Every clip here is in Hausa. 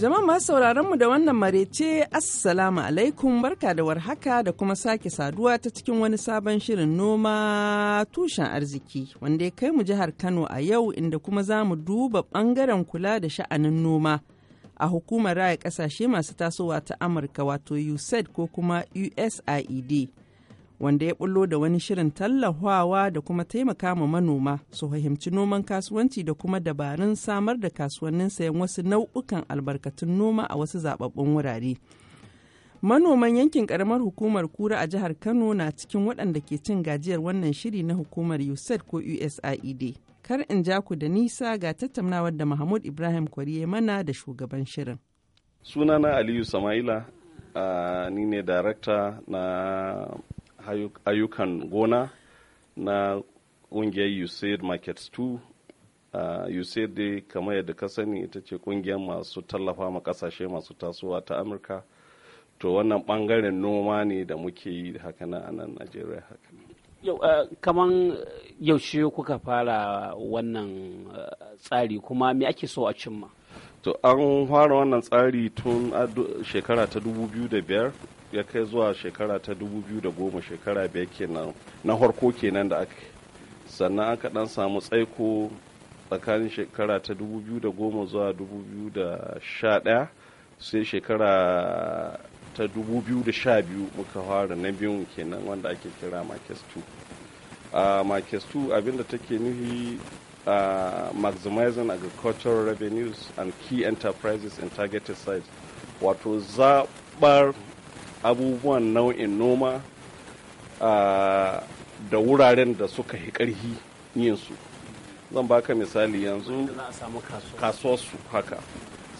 Jama'a masu sauraron mu da wannan marece Assalamu alaikum barka da warhaka da kuma sake saduwa ta cikin wani sabon shirin noma tushen arziki wanda ya kai mu jihar Kano a yau inda kuma za mu duba bangaren kula da sha'anin noma a hukumar raya kasashe masu tasowa ta Amurka wato USAID ko kuma USAID. wanda ya bullo da wani shirin tallafawa da kuma taimaka ma manoma su fahimci noman kasuwanci da kuma dabarun samar da kasuwannin sayan wasu nau'ukan albarkatun noma a wasu zababbun wurare. Manoman yankin karamar hukumar Kura a jihar Kano na cikin waɗanda ke cin gajiyar wannan shiri na hukumar USAID ko USAID. Kar in ja ku da nisa ga tattaunawar da Mahmud Ibrahim Kwariye mana da shugaban shirin. Sunana Aliyu Sama'ila, uh, ni ne darakta na ayyukan gona na kungiyar USAID Markets 2. Uh, USAID dai kamar yadda ka sani ita ce kungiyar masu tallafa ma ƙasashe masu tasowa ta Amurka. To wannan bangaren noma ne da muke yi haka na a nan Najeriya haka. Yau, kaman yaushe kuka fara wannan tsari kuma me ake so a cimma? to an fara wannan tsari tun shekara ta 2005 ya kai zuwa shekara ta 2010 shekara biyar kenan na harko kenan da aka sannan aka dan samu tsaiko tsakanin shekara ta 2010 zuwa 2011 sai shekara ta 2012 muka fara na biyun kenan wanda ake kira marques 2 a ah, marques 2 abinda take nuhi uh, maximizing agricultural revenues and key enterprises in targeted sites wato zaɓar abubuwan nau'in noma uh, da wuraren da suka hiƙarhi ƙarhi yinsu zan baka misali yanzu kasuwarsu haka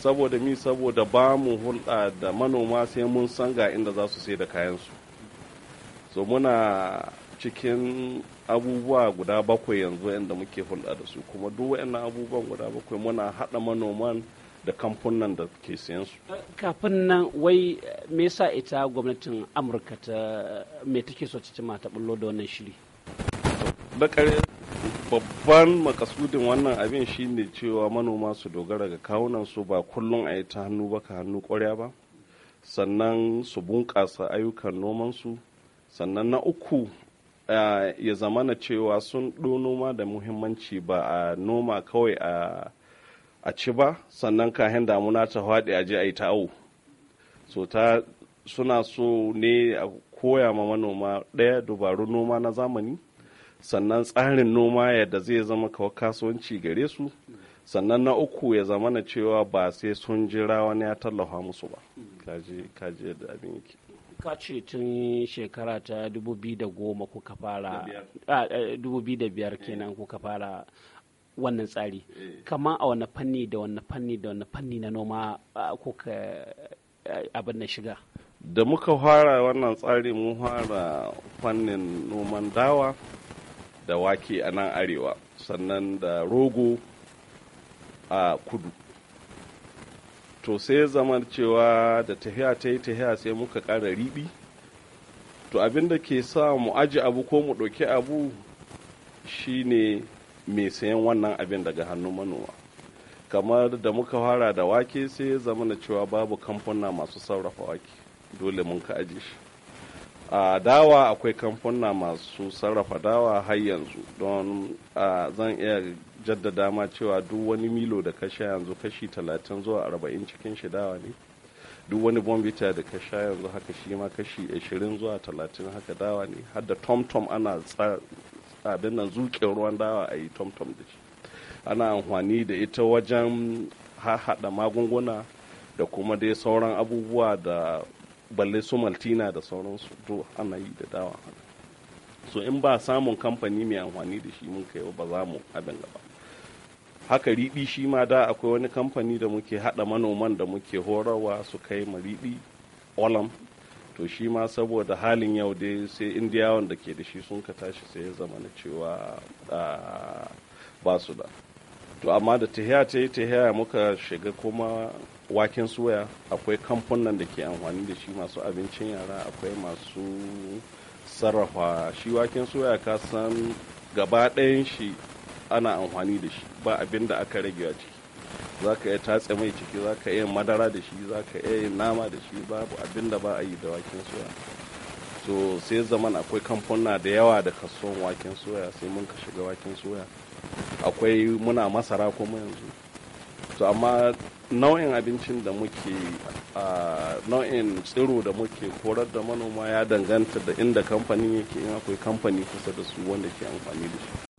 saboda mi saboda ba mu hulɗa da manoma sai mun san ga inda za su sai da kayansu so muna cikin abubuwa guda bakwai yanzu yadda muke hulɗa da su kuma duk waɗannan abubuwan guda bakwai muna haɗa manoman da kamfunan da ke siyan su. Kafin nan wai eh, me yasa ita gwamnatin Amurka ta me take so ta mata ta bullo da wannan shiri? Da kare babban makasudin wannan abin shine cewa manoma su dogara ga kawunan su ba kullum a yi ta hannu ba ka hannu ƙwarya ba sannan su bunƙasa ayyukan noman su sannan na uku ya zamana cewa sun ɗo noma da muhimmanci ba a noma kawai a ci ba sannan kahin damuna ta haɗe a je a yi ta awo so ta suna so ne a koya ma manoma ɗaya dubarun noma na zamani sannan tsarin noma yadda zai zama kawai kasuwanci gare su sannan na uku ya zamana cewa ba sai sun jira wani ya tallafa musu ba kaji kaji abin yake ka ce tun shekara ta 2010 kuka fara 2005 kenan kuka fara wannan tsari eh. kamar a wani fanni da wani fanni da wani fanni na noma kuka abin na shiga da muka fara wannan tsari mun fara fannin noman dawa da wake a nan arewa sannan da rogo a kudu to sai zama cewa da tafiya ta yi tafiya sai muka ƙara riɓi to abin da ke sa mu aji abu ko mu ɗauki abu shine mai sayan wannan abin daga hannun manoma kamar da muka fara da wake sai zama na cewa babu kamfuna masu sarrafa wake dole mun ka aji shi a dawa akwai kamfuna masu sarrafa dawa har yanzu don zan iya jaddada ma cewa duk wani milo da ka sha yanzu kashi talatin zuwa arba'in cikin shi dawa ne duk wani bombita da ka sha yanzu haka shi ma kashi ashirin zuwa talatin haka dawa ne har da tom-tom ana abin nan zuke ruwan dawa a yi tom-tom da shi ana amfani da ita wajen haɗa magunguna da kuma dai sauran abubuwa da balle su maltina da sauransu to ana yi da dawa so in ba samun kamfani mai amfani da shi mun kai ba za mu abin gaba haka riɗi shi ma da akwai wani kamfani da muke haɗa manoman da muke horarwa su kai ma riɗi olam to shi ma saboda halin yau dai sai indiyawan da ke da shi sun ka tashi sai ya zama na cewa ba su da to amma da tahiya ta yi tahiya muka shiga kuma waken soya akwai kamfanin da ke amfani da shi masu abincin yara akwai masu sarrafa shi waken soya ka san gaba ɗayan shi ana amfani da shi ba abin da aka rage a ciki za ka iya tatse mai ciki za ka iya madara da shi za ka iya nama da shi babu abin da ba a yi da waken soya so sai zaman akwai kamfuna da yawa da kasuwan waken soya sai mun ka shiga waken soya akwai muna masara kuma yanzu to amma nau'in abincin da muke nau'in tsiro da muke korar da manoma ya danganta da inda kamfani yake in akwai kamfani kusa da su wanda ke amfani da shi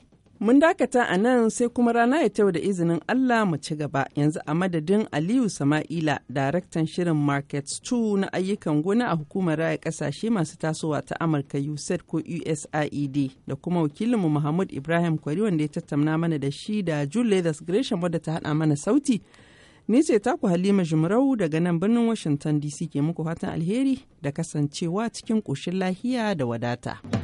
Mun dakata a nan sai kuma rana ya tau da izinin Allah mu ci gaba yanzu a madadin Aliyu Sama'ila, daraktan shirin Markets 2 na ayyukan gona a hukumar raya kasashe masu tasowa ta Amurka USAID ko USAID e da kuma wakilinmu Muhammad Ibrahim Kwari wanda ya tattauna mana da shi da Leathers Gresham wadda ta hada mana sauti. Ni ce taku Halima Jumrau daga nan birnin Washington DC ke muku fatan alheri da kasancewa cikin ƙoshin lahiya da wadata.